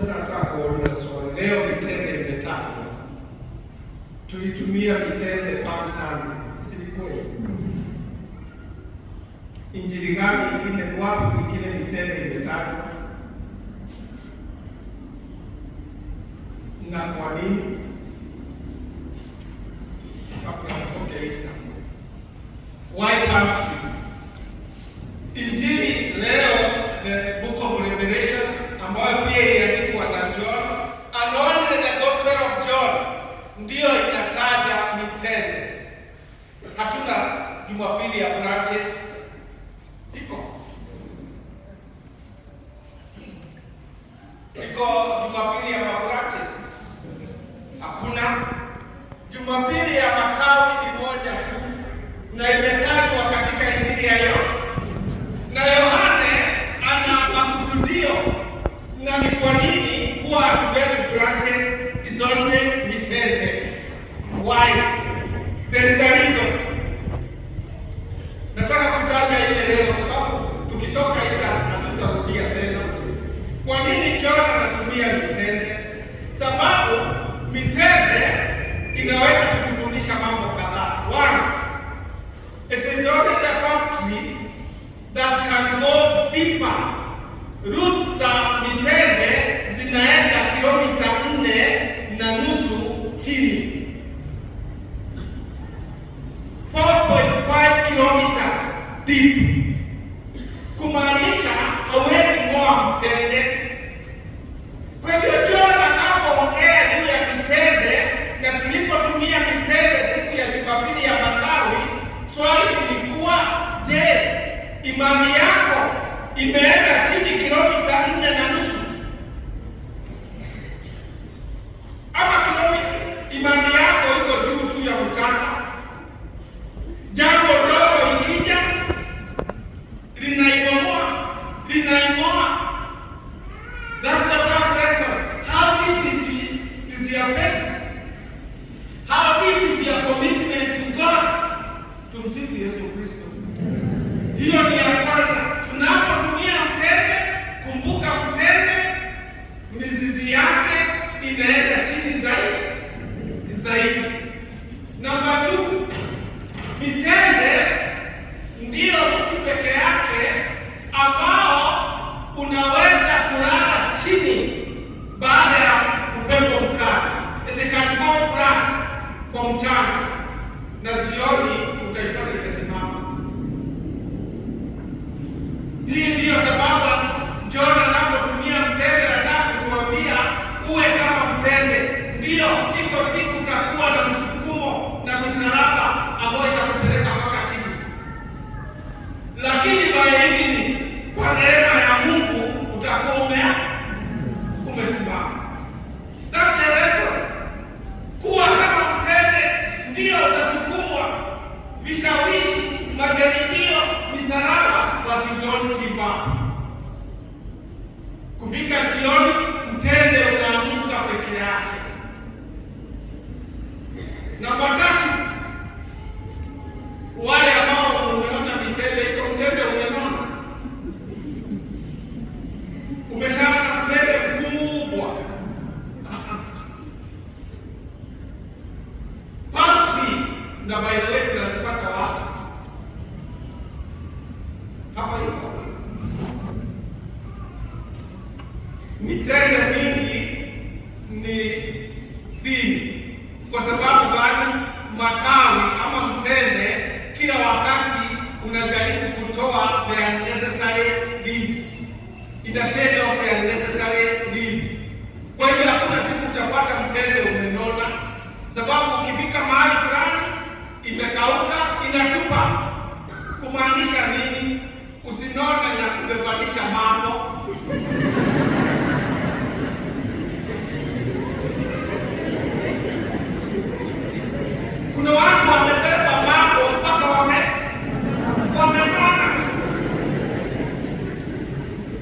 Tunataka kuuliza swali leo, mitende imetajwa, tulitumia mitende pana sana, silikweli? Injili gani ingine, wapi kwingine mitende imetajwa na kwa nini? Kabla ya kutoka Istanbul, why can't Elisarizo, nataka kutaja ile leo sababu tukitoka Isa hatutarudia tena. Kwa nini Jona anatumia mitende? Sababu mitende inaweza kutufundisha mambo kadhaa. One, it is only the country that can go deeper. Roots za mitende zinaenda deep, kumaanisha hawezi kuwa mtende. Kwa hivyo John anapoongea juu ya mitende, na tulipotumia mitende siku ya Jumapili ya matawi, swali lilikuwa je, imani yako imeenda He lakini mara kwa neema ya Mungu utakuwa ume umesimama. That's lesson. Kuwa kama mtende, ndio utasukumwa vishawishi, majaribio, misalaba, but you don't give up. Kufika Mitende mingi ni dini, kwa sababu gani? Matawi ama mtende kila wakati unajaribu kutoa the unnecessary leaves, ina shade of the unnecessary leaves. Kwa hivyo hakuna siku utapata mtende umenona, sababu ukifika mahali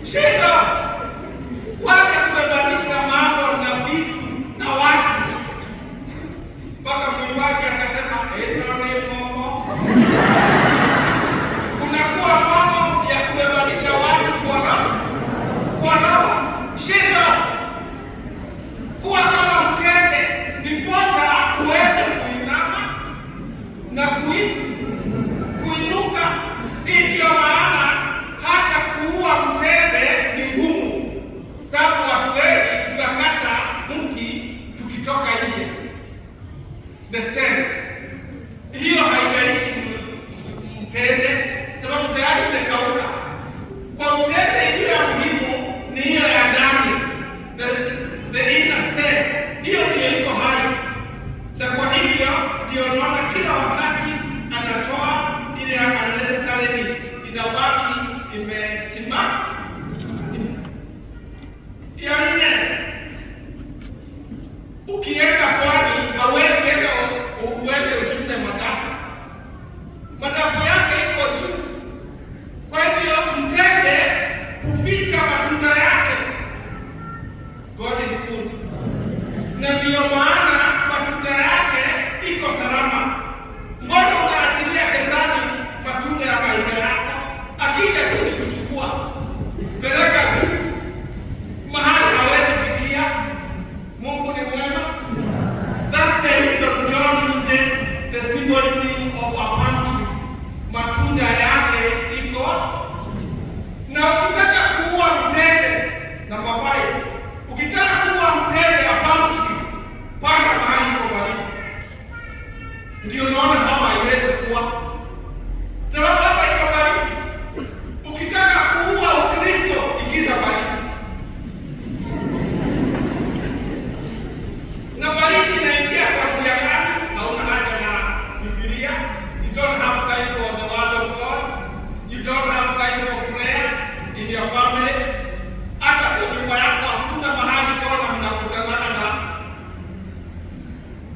Shit! the stands. Hiyo haijalishi mtende, sababu tayari umekauka. Kwa mtende hiyo ya muhimu ni hiyo ya ndani, the, the inner stand, hiyo ndiyo iko hai, na kwa hivyo ndiyo naona kila wakati anatoa ile unnecessary need inabaki imesimama. Ya nne ukienda campeão mais.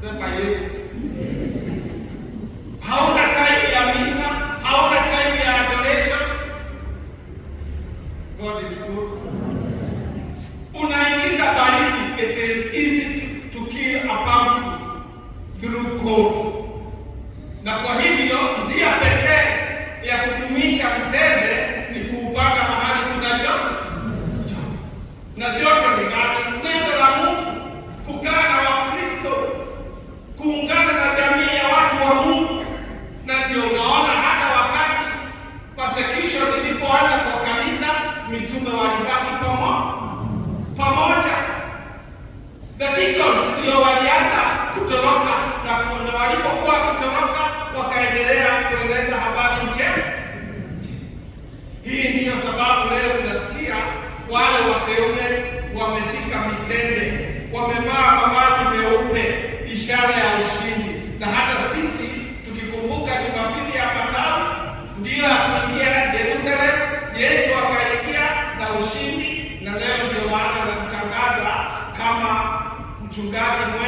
再买一。to got it.